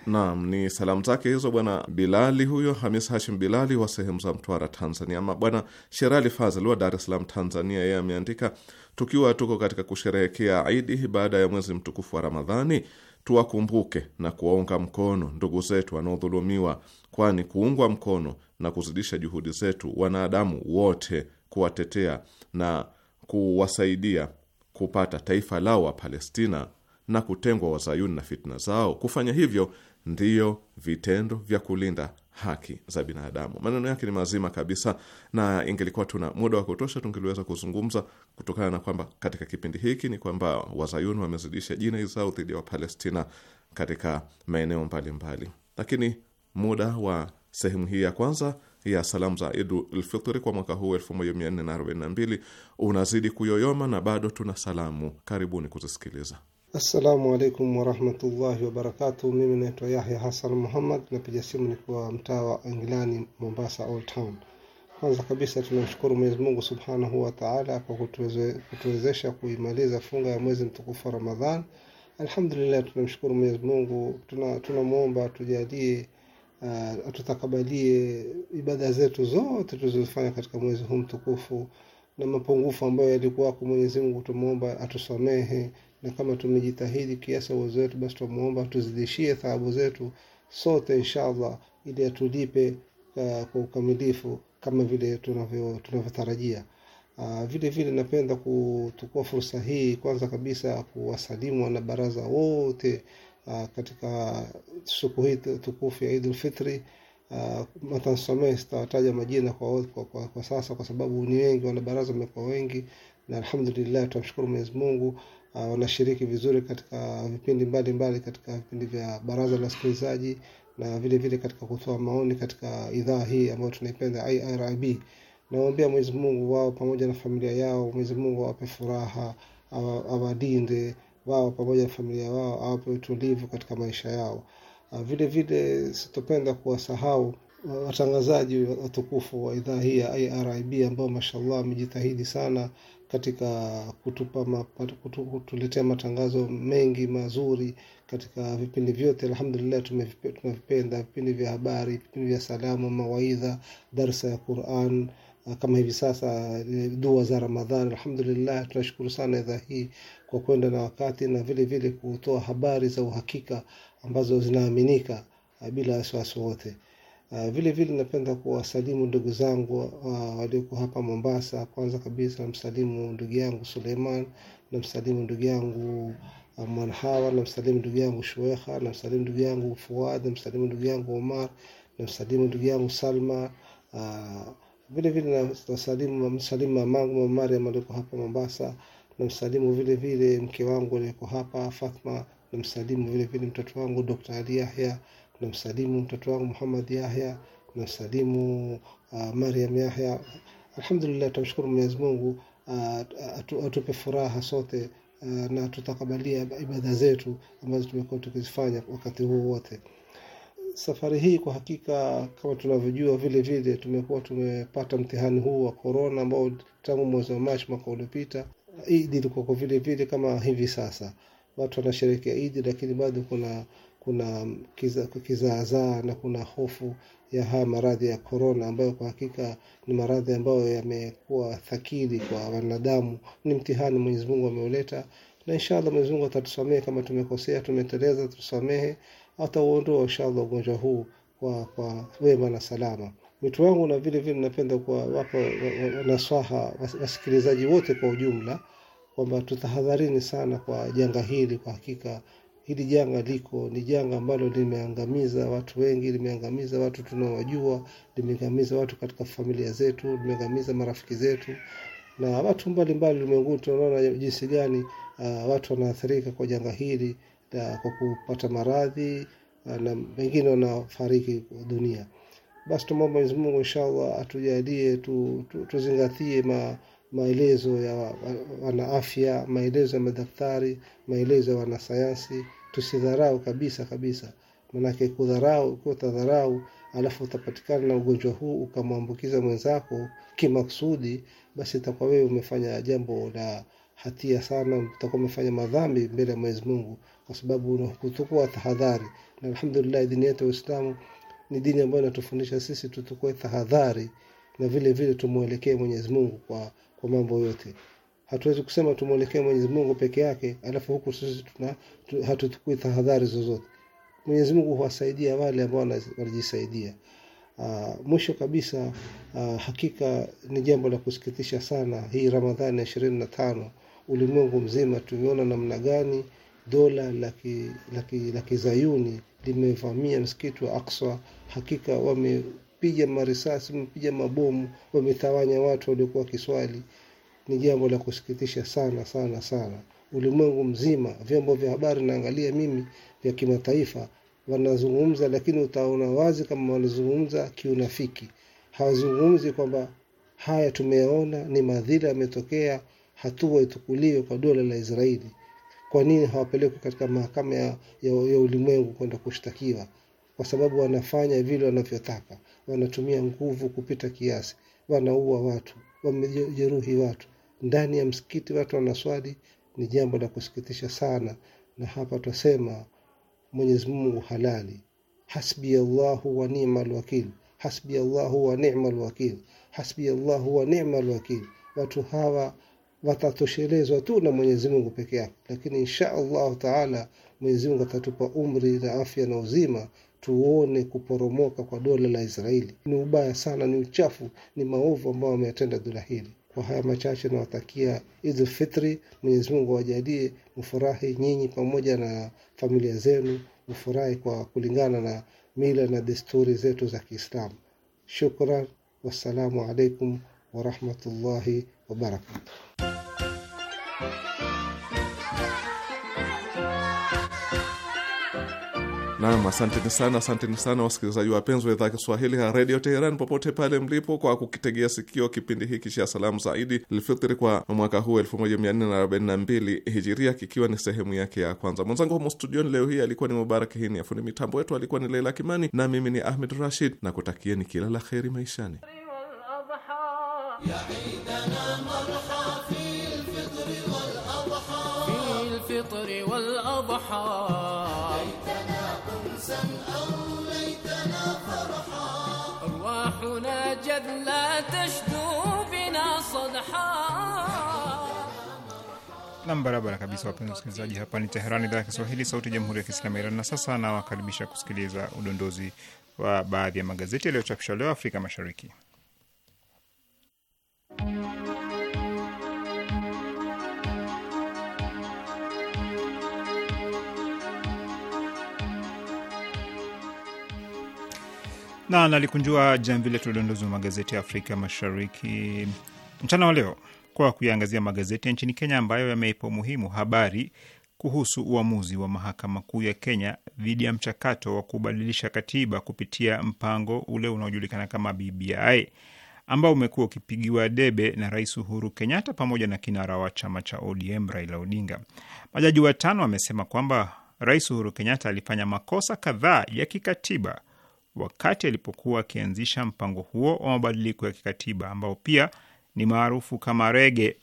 Naam, ni salamu zake hizo bwana Bilali huyo, Hamis Hashim Bilali wa sehemu za Mtwara, Tanzania. Ama bwana Sherali Fazl wa Dar es Salaam, Tanzania, yeye ameandika tukiwa tuko katika kusherehekea Idi baada ya mwezi mtukufu wa Ramadhani, tuwakumbuke na kuwaunga mkono ndugu zetu wanaodhulumiwa, kwani kuungwa mkono na kuzidisha juhudi zetu wanadamu wote kuwatetea na kuwasaidia kupata taifa lao wa Palestina na kutengwa wazayuni na fitna zao, kufanya hivyo ndiyo vitendo vya kulinda haki za binadamu. Maneno yake ni mazima kabisa, na ingelikuwa tuna muda wa kutosha tungeliweza kuzungumza, kutokana na kwamba katika kipindi hiki ni kwamba wazayuni wamezidisha jinai zao dhidi ya Wapalestina katika maeneo mbalimbali, lakini muda wa sehemu hii ya kwanza ya salamu za Idu Lfitri kwa mwaka huu 1442 unazidi kuyoyoma na bado tuna salamu. Karibuni kuzisikiliza. Assalamu alaikum warahmatullahi wabarakatu. Mimi naitwa Yahya Hassan Muhammad, napiga simu nikiwa mtaa wa Engilani, Mombasa Old Town. Kwanza kabisa tunamshukuru Mwenyezi Mungu subhanahu wa taala kwa kutuwezesha kuimaliza funga ya mwezi mtukufu wa Ramadhan. Alhamdulillah, tunamshukuru Mwenyezi Mungu, tunamwomba tuna tujalie Uh, atutakabalie ibada zetu zote tulizofanya katika mwezi huu mtukufu, na mapungufu ambayo kwa Mwenyezi Mungu tumuomba atusamehe na kama tumejitahidi kiasi uwezo wetu basi tumuomba tuzidishie thawabu zetu sote inshallah ili atulipe uh, kwa ukamilifu kama vile tunavyotarajia uh, vile vile napenda kutukua fursa hii kwanza kabisa kuwasalimu na baraza wote uh, katika siku hii tukufu ya Idul Fitri uh, matansomee sitawataja majina kwa, kwa, kwa, kwa sasa kwa sababu ni wengi wanabaraza wamekuwa wengi na alhamdulillah tunamshukuru Mwenyezi Mungu Ah, wanashiriki vizuri katika vipindi mbalimbali mbali, katika vipindi vya baraza la wasikilizaji na vile vile katika kutoa maoni katika idhaa hii ambayo tunaipenda irib nawaombea mwenyezi mungu wao pamoja na familia yao mwenyezi mungu awape furaha awadinde wao pamoja na familia wao awape utulivu katika maisha yao ah, vile vile sitopenda kuwasahau ah, watangazaji watukufu wa idhaa hii ya irib ambao mashallah wamejitahidi sana katika kutupa mapato, kutu, kutuletea matangazo mengi mazuri katika vipindi vyote. Alhamdulillah, tunavipenda vipindi vya habari, vipindi vya salamu, mawaidha, darsa ya Quran uh, kama hivi sasa uh, dua za Ramadhani. Alhamdulillah, tunashukuru sana idha hii kwa kwenda na wakati na vile vile kutoa habari za uhakika ambazo zinaaminika uh, bila wasiwasi wote. Uh, vile vile napenda kuwasalimu ndugu zangu uh, walioko hapa Mombasa. Kwanza kabisa namsalimu ndugu yangu Suleiman, namsalimu ndugu yangu uh, eh, Mwanhawa, namsalimu ndugu yangu Shueha, namsalimu ndugu yangu Fuad, namsalimu ndugu yangu Omar, namsalimu ndugu yangu Salma. Uh, vile vile nasalimu msalimu mamangu mama Mariam hapa Mombasa, namsalimu vile vile mke wangu aliyeko hapa Fatma, namsalimu vile vile mtoto wangu Dr. Ali Yahya tunamsalimu mtoto wangu Muhammad Yahya, tunamsalimu uh, Mariam Yahya. Alhamdulillah, tumshukuru Mwenyezi Mungu uh, atupe furaha sote uh, na tutakabalia ibada zetu ambazo tumekuwa tukizifanya wakati huu wote. Safari hii kwa hakika, kama tunavyojua, vile vile tumekuwa tumepata mtihani huu wa korona ambao tangu mwezi wa Machi mwaka uliopita. Idi ilikuwa vile vile kama hivi sasa, watu wanasherehekea Idi, lakini bado kuna kuna kizaazaa na kuna hofu ya haya maradhi ya korona ambayo kwa hakika ni maradhi ambayo yamekuwa thakili kwa wanadamu. Ni mtihani Mwenyezi Mungu ameuleta, na inshallah Mwenyezi Mungu atatusamehe kama tumekosea, tumeteleza, tusamehe, atauondoa inshallah ugonjwa huu kwa kwa wema na salama. Wito wangu na vile vile napenda kuwapa nasaha wasikilizaji wote kwa ujumla kwamba tutahadharini sana kwa janga hili kwa hakika Hili janga liko, ni janga ambalo limeangamiza watu wengi, limeangamiza watu tunaowajua, limeangamiza watu katika familia zetu, limeangamiza marafiki zetu na watu mbalimbali ulimwenguni. Tunaona jinsi gani uh, watu wanaathirika kwa janga hili la kwa kupata maradhi uh, na wengine wanafariki dunia. Basi tumwombe Mwenyezi Mungu inshallah atujalie tu, tu, tuzingatie ma maelezo ya wanaafya, maelezo ya madaktari, maelezo ya wanasayansi. Tusidharau kabisa kabisa, manake kudharau, ukiwa utadharau alafu utapatikana na ugonjwa huu ukamwambukiza mwenzako kimakusudi, basi itakuwa wewe umefanya jambo la hatia sana, utakuwa umefanya madhambi mbele ya Mwenyezi Mungu kwa sababu kutukua tahadhari. Na alhamdulillah, dini yetu ya Uislamu ni dini ambayo inatufundisha sisi tutukue tahadhari na vile vile tumuelekee Mwenyezi Mungu kwa, kwa mambo yote. Hatuwezi kusema tumuelekee Mwenyezi Mungu peke yake alafu huku sisi tuna tu, hatuchukui tahadhari zozote. Mwenyezi Mungu huwasaidia wale ambao wanajisaidia. Uh, mwisho kabisa aa, ah, hakika ni jambo la kusikitisha sana hii Ramadhani ya ishirini na tano ulimwengu mzima tumeona namna gani dola la kizayuni limevamia msikiti wa Aqsa. Hakika wame mpiga marisasi, mpiga mabomu, wametawanya watu waliokuwa kiswali. Ni jambo la kusikitisha sana sana sana. Ulimwengu mzima, vyombo vya habari naangalia mimi vya kimataifa, wanazungumza, lakini utaona wazi kama wanazungumza kiunafiki. Hawazungumzi kwamba haya tumeyaona, ni madhila yametokea, hatua itukuliwe kwa dola la Israeli. Kwa nini hawapelekwi katika mahakama ya, ya, ya ulimwengu kwenda kushtakiwa? Kwa sababu wanafanya vile wanavyotaka wanatumia nguvu kupita kiasi, wanaua watu, wamejeruhi watu ndani ya msikiti, watu wanaswali. Ni jambo la kusikitisha sana, na hapa twasema Mwenyezi Mungu halali. Hasbi Allahu wa ni'mal wakil, hasbi Allahu wa ni'mal wakil, hasbi Allahu wa ni'mal wakil. Watu hawa watatoshelezwa tu na Mwenyezi Mungu peke yake, lakini insha Allahu taala Mwenyezi Mungu atatupa umri na afya na uzima tuone kuporomoka kwa dola la Israeli. Ni ubaya sana, ni uchafu, ni maovu ambayo wameyatenda dola hili. Kwa haya machache nawatakia Idul Fitri, Mwenyezi Mungu awajalie mfurahi nyinyi pamoja na familia zenu, mfurahi kwa kulingana na mila na desturi zetu za Kiislamu. Shukran, wassalamu alaikum warahmatullahi wabarakatuh. Naam, asanteni sana, asanteni sana wasikilizaji wapenzi wa idhaa Kiswahili ya redio Teheran popote pale mlipo, kwa kukitegea sikio kipindi hiki cha salamu za Idi Lfitri kwa mwaka huu 1442 Hijiria, kikiwa ni sehemu yake ya kwanza. Mwenzangu humo studioni leo hii alikuwa ni Mubarak hini afundi mitambo wetu alikuwa ni Leila Kimani na mimi ni Ahmed Rashid na kutakieni kila la kheri maishani. لا تشدو بنا صدحا Nam, barabara kabisa, wapenzi wasikilizaji, hapa ni Teherani, idhaa ya Kiswahili, sauti ya jamhuri ya kiislamu ya Iran. Na sasa nawakaribisha kusikiliza udondozi wa baadhi ya magazeti yaliyochapishwa leo Afrika Mashariki. na nalikunjua jamvi letu wa magazeti ya Afrika Mashariki mchana wa leo kwa kuyaangazia magazeti ya nchini Kenya ambayo yameipa umuhimu habari kuhusu uamuzi wa mahakama kuu ya Kenya dhidi ya mchakato wa kubadilisha katiba kupitia mpango ule unaojulikana kama BBI ambao umekuwa ukipigiwa debe na Rais Uhuru Kenyatta pamoja na kinara wa chama cha ODM Raila Odinga. Majaji watano wamesema kwamba Rais Uhuru Kenyatta alifanya makosa kadhaa ya kikatiba wakati alipokuwa akianzisha mpango huo wa mabadiliko ya kikatiba ambao pia ni maarufu kama rege.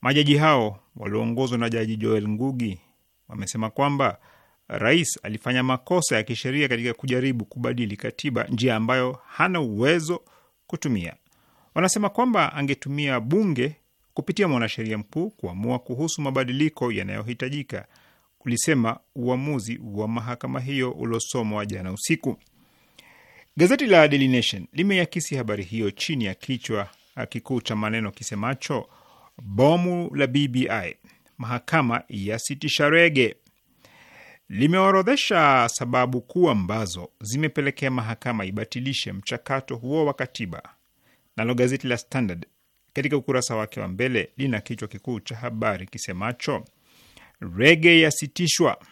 Majaji hao walioongozwa na Jaji Joel Ngugi wamesema kwamba rais alifanya makosa ya kisheria katika kujaribu kubadili katiba, njia ambayo hana uwezo kutumia. Wanasema kwamba angetumia bunge kupitia mwanasheria mkuu kuamua kuhusu mabadiliko yanayohitajika, kulisema uamuzi wa mahakama hiyo uliosomwa jana usiku. Gazeti la Daily Nation habari hiyo chini ya kichwa ah, kikuu cha maneno kisemacho bomu la BBI, mahakama yasitisha rege. Limeorodhesha sababu kuu ambazo zimepelekea mahakama ibatilishe mchakato huo wa katiba. Nalo gazeti la Standard katika ukurasa wake wa mbele lina kichwa kikuu cha habari kisemacho rege yasitishwa.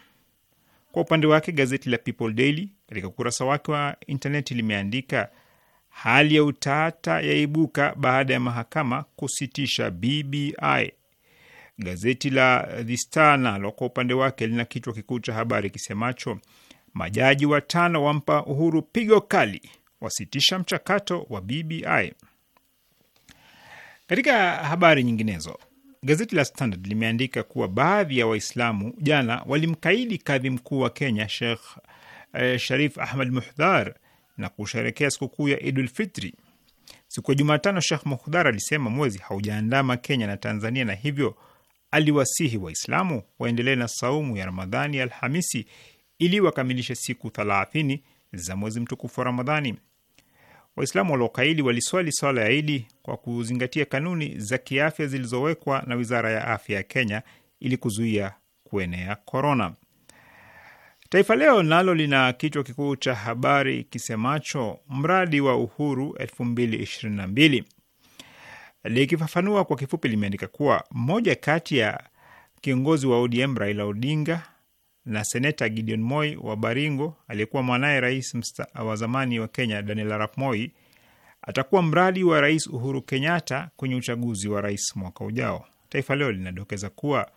Kwa upande wake gazeti la People Daily katika ukurasa wake wa intaneti limeandika hali ya utata yaibuka baada ya mahakama kusitisha BBI. Gazeti la The Star nalo kwa upande wake lina kichwa kikuu cha habari kisemacho majaji watano wampa Uhuru pigo kali, wasitisha mchakato wa BBI. Katika habari nyinginezo Gazeti la Standard limeandika kuwa baadhi ya Waislamu jana walimkaidi kadhi mkuu wa Kenya Sheikh eh, Sharif Ahmad Muhdhar na kusherekea sikukuu ya Idul Fitri siku ya Jumatano. Sheikh Muhdhar alisema mwezi haujaandama Kenya na Tanzania, na hivyo aliwasihi Waislamu waendelee na saumu ya Ramadhani Alhamisi ili wakamilishe siku thelathini za mwezi mtukufu wa Ramadhani. Waislamu waliokaidi waliswali swala ya Idi kwa kuzingatia kanuni za kiafya zilizowekwa na Wizara ya Afya ya Kenya ili kuzuia kuenea korona. Taifa Leo nalo lina kichwa kikuu cha habari kisemacho mradi wa uhuru 2022. Likifafanua kwa kifupi, limeandika kuwa mmoja kati ya kiongozi wa ODM Raila Odinga na seneta Gideon Moi wa Baringo, aliyekuwa mwanaye rais wa zamani wa Kenya Daniel Arap Moi, atakuwa mradi wa Rais Uhuru Kenyatta kwenye uchaguzi wa rais mwaka ujao. Taifa Leo linadokeza kuwa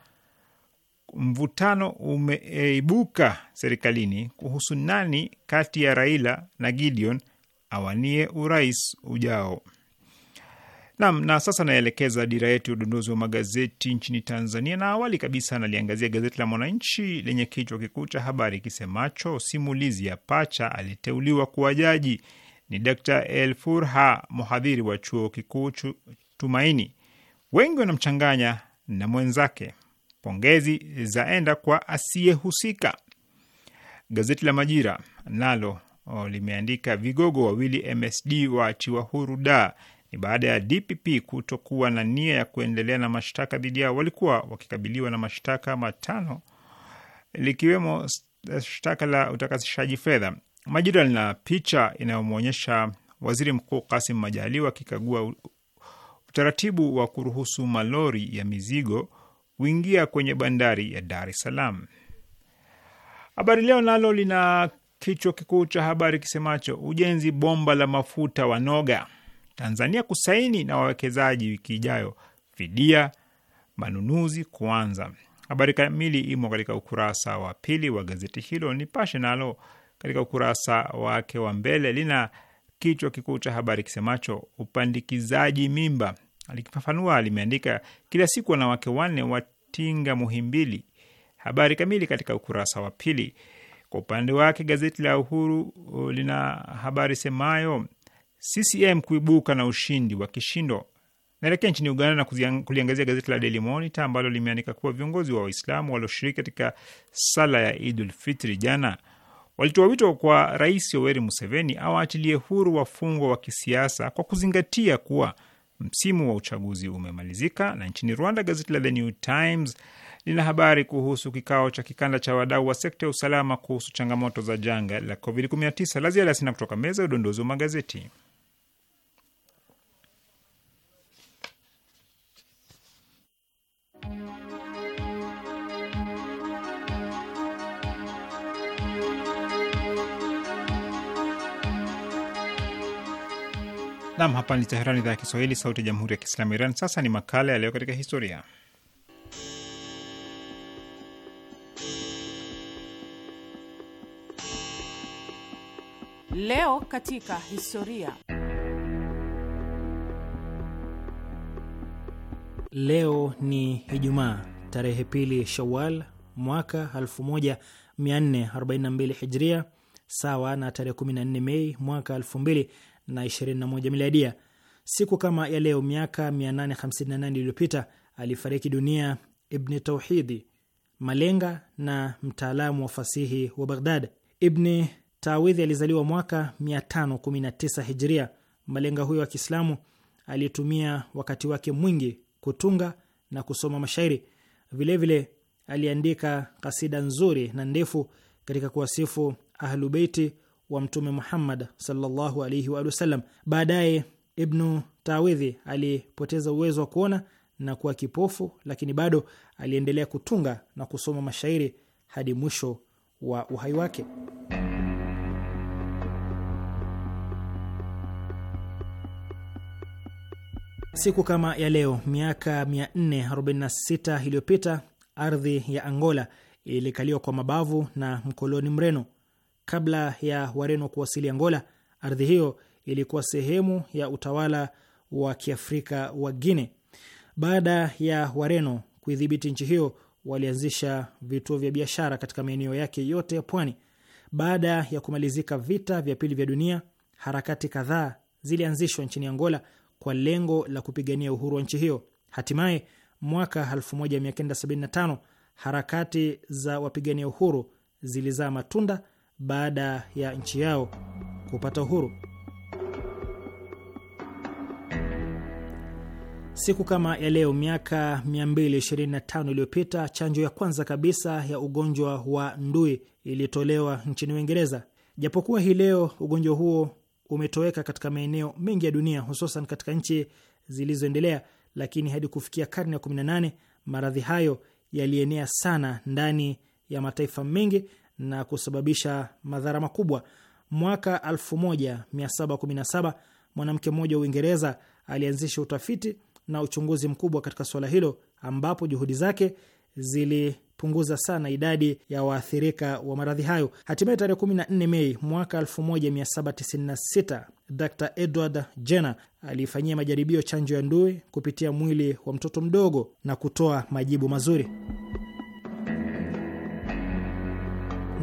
mvutano umeibuka serikalini kuhusu nani kati ya Raila na Gideon awanie urais ujao. Nam, na sasa naelekeza dira yetu ya udondozi wa magazeti nchini Tanzania, na awali kabisa naliangazia gazeti la Mwananchi lenye kichwa kikuu cha habari kisemacho simulizi ya pacha aliteuliwa kuwa jaji ni Dr. Elfurha, mhadhiri wa chuo kikuu Tumaini. Wengi wanamchanganya na mwenzake, pongezi zaenda kwa asiyehusika. Gazeti la Majira nalo oh, limeandika vigogo wawili MSD waachiwa huru da ni baada ya DPP kutokuwa na nia ya kuendelea na mashtaka dhidi yao. Walikuwa wakikabiliwa na mashtaka matano likiwemo shtaka la utakasishaji fedha. Majira lina picha inayomwonyesha waziri mkuu Kasim Majaliwa akikagua utaratibu wa kuruhusu malori ya mizigo kuingia kwenye bandari ya Dar es Salaam. Habari Leo nalo lina kichwa kikuu cha habari kisemacho ujenzi bomba la mafuta wa noga. Tanzania kusaini na wawekezaji wiki ijayo, fidia manunuzi kuanza. Habari kamili imo katika ukurasa wa pili wa gazeti hilo. Nipashe nalo katika ukurasa wake wa mbele lina kichwa kikuu cha habari kisemacho upandikizaji mimba. Likifafanua limeandika kila siku wanawake wanne watinga Muhimbili. Habari kamili katika ukurasa wa pili. Kwa upande wake gazeti la Uhuru uh, lina habari semayo CCM kuibuka na ushindi wa kishindo. Naelekea nchini Uganda na kuliangazia gazeti la Daily Monitor ambalo limeandika kuwa viongozi wa Waislamu walioshiriki katika sala ya Idul Fitri jana walitoa wito kwa Rais Yoweri Museveni awaachilie huru wafungwa wa kisiasa kwa kuzingatia kuwa msimu wa uchaguzi umemalizika. Na nchini Rwanda, gazeti la The New Times lina habari kuhusu kikao cha kikanda cha wadau wa sekta ya usalama kuhusu changamoto za janga la COVID-19. La ziada sina kutoka meza ya udondozi wa magazeti. Nam, hapa ni Teheran, idhaa ya Kiswahili, sauti ya jamhuri ya kiislamu Iran. Sasa ni makala yaliyo katika historia. Leo katika historia. Leo ni Ijumaa tarehe pili Shawal mwaka 1442 Hijria, sawa na tarehe 14 Mei mwaka na 21 miladia. Siku kama ya leo miaka 858 iliyopita alifariki dunia Ibni Tauhidi, malenga na mtaalamu wa fasihi wa Baghdad. Ibni Tawidhi alizaliwa mwaka 519 Hijria. Malenga huyo wa Kiislamu alitumia wakati wake mwingi kutunga na kusoma mashairi. Vilevile vile, aliandika kasida nzuri na ndefu katika kuwasifu Ahlubeiti wa Mtume Muhammad sallallahu alaihi wa sallam. Baadaye Ibnu Tawidhi alipoteza uwezo wa kuona na kuwa kipofu, lakini bado aliendelea kutunga na kusoma mashairi hadi mwisho wa uhai wake. Siku kama ya leo miaka 446 iliyopita ardhi ya Angola ilikaliwa kwa mabavu na mkoloni Mreno. Kabla ya Wareno kuwasili Angola, ardhi hiyo ilikuwa sehemu ya utawala wa kiafrika wa Guine. Baada ya Wareno kuidhibiti nchi hiyo, walianzisha vituo vya biashara katika maeneo yake yote ya pwani. Baada ya kumalizika vita vya pili vya dunia, harakati kadhaa zilianzishwa nchini Angola kwa lengo la kupigania uhuru wa nchi hiyo. Hatimaye mwaka 1975 harakati za wapigania uhuru zilizaa matunda baada ya nchi yao kupata uhuru. Siku kama ya leo miaka 225 iliyopita chanjo ya kwanza kabisa ya ugonjwa wa ndui ilitolewa nchini Uingereza. Japokuwa hii leo ugonjwa huo umetoweka katika maeneo mengi ya dunia, hususan katika nchi zilizoendelea, lakini hadi kufikia karne ya 18 maradhi hayo yalienea sana ndani ya mataifa mengi na kusababisha madhara makubwa. Mwaka 1717 mwanamke mmoja wa Uingereza alianzisha utafiti na uchunguzi mkubwa katika suala hilo, ambapo juhudi zake zilipunguza sana idadi ya waathirika wa maradhi hayo. Hatimaye tarehe 14 Mei mwaka 1796 Dr Edward Jenner aliifanyia majaribio chanjo ya ndui kupitia mwili wa mtoto mdogo na kutoa majibu mazuri.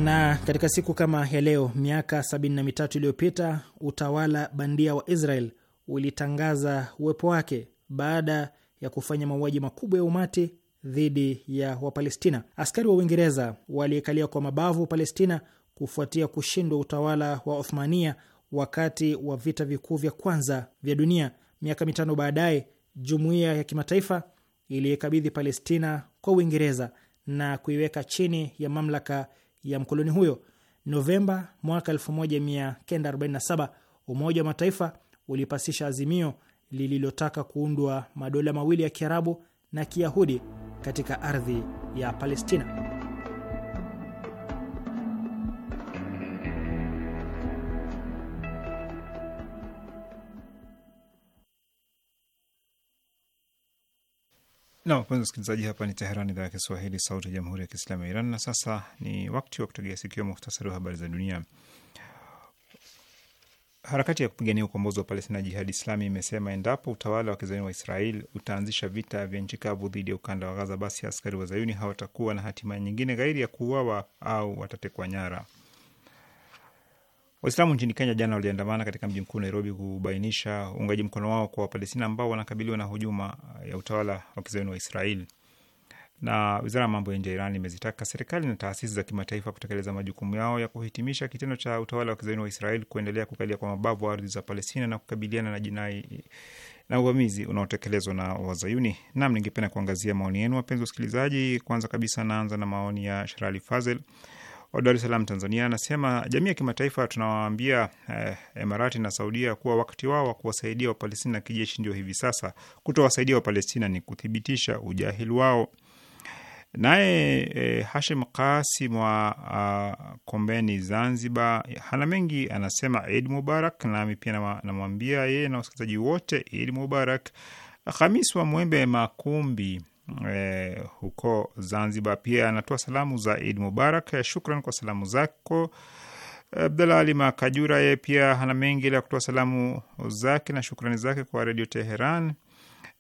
Na katika siku kama ya leo miaka 73 iliyopita utawala bandia wa Israel ulitangaza uwepo wake baada ya kufanya mauaji makubwa ya umati dhidi ya Wapalestina. Askari wa Uingereza waliekalia kwa mabavu Palestina kufuatia kushindwa utawala wa Othmania wakati wa vita vikuu vya kwanza vya dunia. Miaka mitano baadaye, jumuiya ya kimataifa iliyekabidhi Palestina kwa Uingereza na kuiweka chini ya mamlaka ya mkoloni huyo. Novemba mwaka 1947 Umoja wa Mataifa ulipasisha azimio lililotaka kuundwa madola mawili ya Kiarabu na Kiyahudi katika ardhi ya Palestina. Na wapenzi wasikilizaji, hapa ni Teherani, idhaa ya Kiswahili, sauti ya jamhuri ya kiislamu ya Iran. Na sasa ni wakati wa kutegea sikio muhtasari wa habari za dunia. Harakati ya kupigania ukombozi wa Palestina, Jihadi Islami, imesema endapo utawala wa kizayuni wa Israel utaanzisha vita vya nchi kavu dhidi ya ukanda wa Gaza, basi askari wa zayuni hawatakuwa na hatima nyingine ghairi ya kuuawa au watatekwa nyara. Waislamu nchini Kenya jana waliandamana katika mji mkuu Nairobi kubainisha uungaji mkono wao kwa Wapalestina ambao wanakabiliwa na hujuma ya utawala wa kizayuni wa Israeli. Na wizara ya mambo ya nje ya Iran imezitaka serikali na taasisi za kimataifa kutekeleza majukumu yao ya kuhitimisha kitendo cha utawala wa kizayuni wa Israeli kuendelea kukalia kwa mabavu ardhi za Palestina na kukabiliana na jinai na uvamizi unaotekelezwa na Wazayuni. Nam, ningependa kuangazia maoni yenu, wapenzi wasikilizaji. Kwanza kabisa naanza na maoni ya Sherali Fazel wa Dar es Salaam, Tanzania, anasema jamii ya kimataifa tunawaambia eh, Emarati na Saudia kuwa wakati wao wa kuwasaidia Wapalestina kijeshi ndio hivi sasa. Kutowasaidia Wapalestina ni kuthibitisha ujahili wao. Naye eh, Hashim Kasim wa uh, Kombeni, Zanzibar, hana mengi, anasema id Mubarak. Nami pia namwambia yeye na wasikilizaji wote id Mubarak. Khamis wa Mwembe Makumbi e, huko Zanzibar. Pia anatoa salamu za Id Mubarak, eh, shukran kwa salamu zako. Eh, Abdalla Ali Makajura yeye pia ana mengi la kutoa salamu zake na shukrani zake kwa Redio Teheran.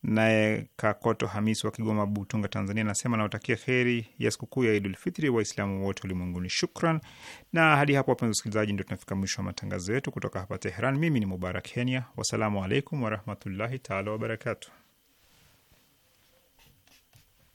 Naye Kakoto Hamis wa Kigoma Butunga, Tanzania, anasema nawatakia heri ya sikukuu ya Idul Fitri Waislamu wote ulimwenguni. Shukran. Na hadi hapo, wapenzi wasikilizaji, ndio tunafika mwisho wa matangazo yetu kutoka hapa Teheran. Mimi ni Mubarak Kenya, wassalamu alaikum warahmatullahi taala wabarakatuh.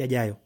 yajayo.